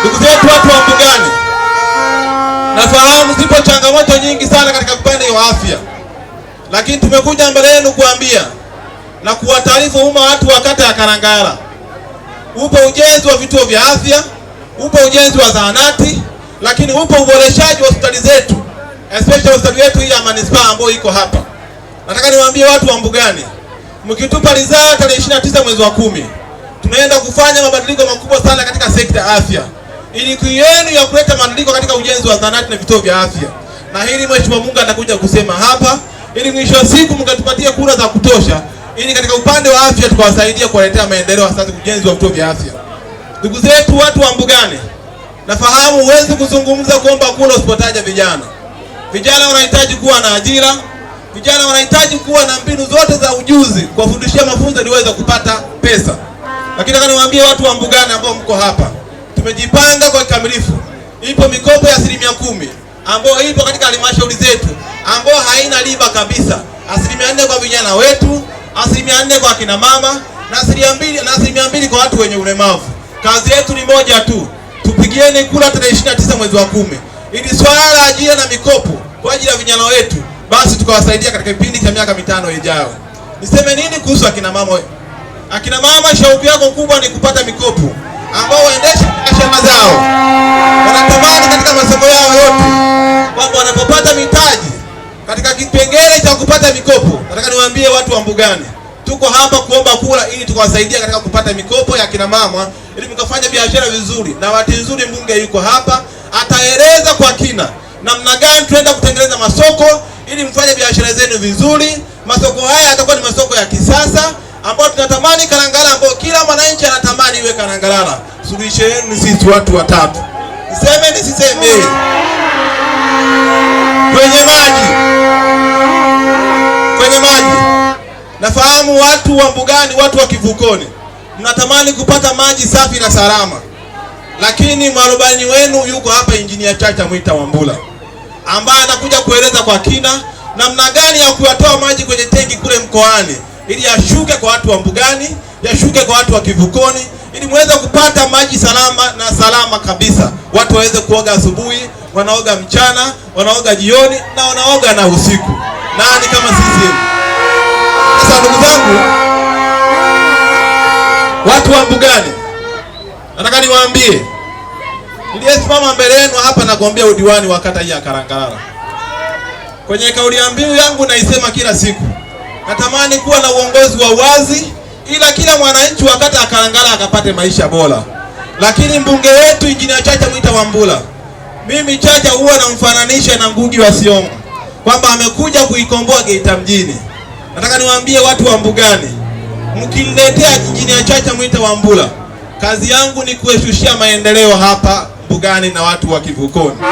Ndugu zetu watu wa Mbugani, nafahamu zipo changamoto nyingi sana katika upande wa afya, lakini tumekuja mbele yenu kuambia na kuwataarifu umma watu wa kata ya Karangara, upo ujenzi wa vituo vya afya, upo ujenzi wa zahanati, lakini upo uboreshaji wa hospitali zetu, especially hospitali yetu hii ya manispaa ambayo iko hapa. Nataka niwaambie watu wa Mbugani, mkitupa ridhaa tarehe 29 mwezi wa kumi, tunaenda kufanya mabadiliko makubwa sana katika sekta ya afya. Iliki yenu ya kuleta maandiko katika ujenzi wa zahanati na vituo vya afya, na hili Mheshimiwa Mungu anakuja kusema hapa, ili mwisho wa siku mkatupatie kura za kutosha, ili katika upande wa afya tukawasaidia kuwaletea maendeleo, hasa ujenzi wa vituo vya afya. Ndugu zetu watu wa Mbugani, nafahamu huwezi kuzungumza kuomba kura usipotaja vijana. Vijana wanahitaji kuwa na ajira, vijana wanahitaji kuwa na mbinu zote za ujuzi, kuwafundishia mafunzo ili waweze kupata pesa. Lakini nataka niwaambie watu wa Mbugani ambao mko hapa tumejipanga kwa kikamilifu. Ipo mikopo ya asilimia kumi ambayo ipo katika halmashauri zetu ambayo haina riba kabisa, asilimia nne kwa vijana wetu, asilimia nne kwa akina mama na asilimia mbili na asilimia mbili kwa watu wenye ulemavu. Kazi yetu ni moja tu, tupigieni kura tarehe 29 mwezi wa kumi, ili swala la ajira na mikopo kwa ajili ya vijana wetu basi tukawasaidia katika kipindi cha miaka mitano ijayo. Niseme nini kuhusu akina mama? Akina mama, shauku yako kubwa ni kupata mikopo ambao waendesha chama zao, Wanatamani katika masoko yao yote kwamba wanapopata mitaji katika kipengele cha kupata mikopo, nataka niwaambie watu wa Mbugani, tuko hapa kuomba kura ili tukawasaidia katika kupata mikopo ya kina mama, ili mkafanya biashara vizuri. Na bahati nzuri mbunge yuko hapa, ataeleza kwa kina namna gani tunaenda kutengeneza masoko ili mfanye biashara zenu vizuri. Masoko haya yatakuwa ni masoko ya kisasa ambayo tunatamani Kalangala, ambayo kila mwananchi ana Kalangalala, suluhisho ni sisi watu watatu. Niseme nisiseme? Kwenye maji, kwenye maji, nafahamu watu wa Mbugani, watu wa Kivukoni mnatamani kupata maji safi na salama, lakini mwarubani wenu yuko hapa, Injinia Chacha Mwita Wambula, ambaye anakuja kueleza kwa kina namna gani ya kuyatoa maji kwenye tenki kule mkoani ili yashuke kwa watu wa Mbugani, yashuke kwa watu wa Kivukoni ili muweze kupata maji salama na salama kabisa. Watu waweze kuoga asubuhi, wanaoga mchana, wanaoga jioni na wanaoga na usiku. Nani kama sisi? Sasa ndugu zangu, watu wa Mbugani, nataka niwaambie, niliyesimama mbele yenu hapa nakuambia udiwani wa kata hii ya kwenye kauli ya mbiu yangu naisema kila siku, natamani kuwa na uongozi wa wazi ila kila mwananchi wa kata akapate maisha bora. Lakini mbunge wetu Injinia Chacha Mwita Wambura, mimi Chacha huwa namfananisha na Ngugi wa Thiong'o kwamba amekuja kuikomboa Geita mjini. Nataka niwaambie watu wa Mbugani, mkimletea Injinia Chacha Mwita Wambura, kazi yangu ni kuweshushia maendeleo hapa Mbugani na watu wa Kivukoni.